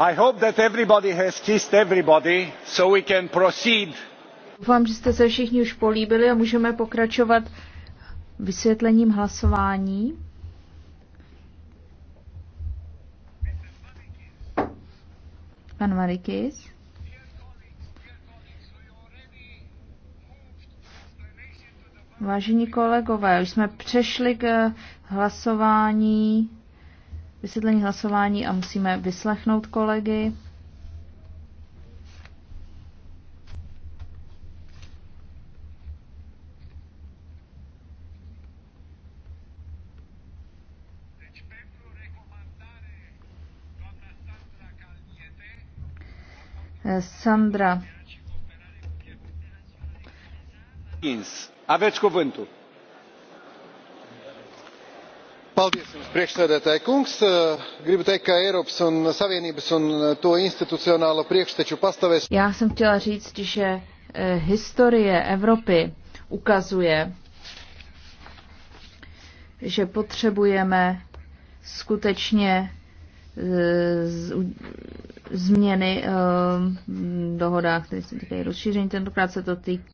I hope that everybody has kissed everybody, so we can proceed. Doufám, že jste se všichni už políbili a můžeme pokračovat vysvětlením hlasování. Pan Marikis. Vážení kolegové, už jsme přešli k hlasování vysvětlení hlasování a musíme vyslechnout kolegy. Sandra. Aveți cuvântul paldies jums priekšsēdētāja kungs. Eh, gribu teikt ka Eiropas un Savienības un eh, to institucionālo priekšteču pastāvēs. Já jsem chtěla říct, že historie Evropy ukazuje, že potřebujeme skutečně eh, změny v dohodách, které se týkají rozšíření. Tentokrát se to týká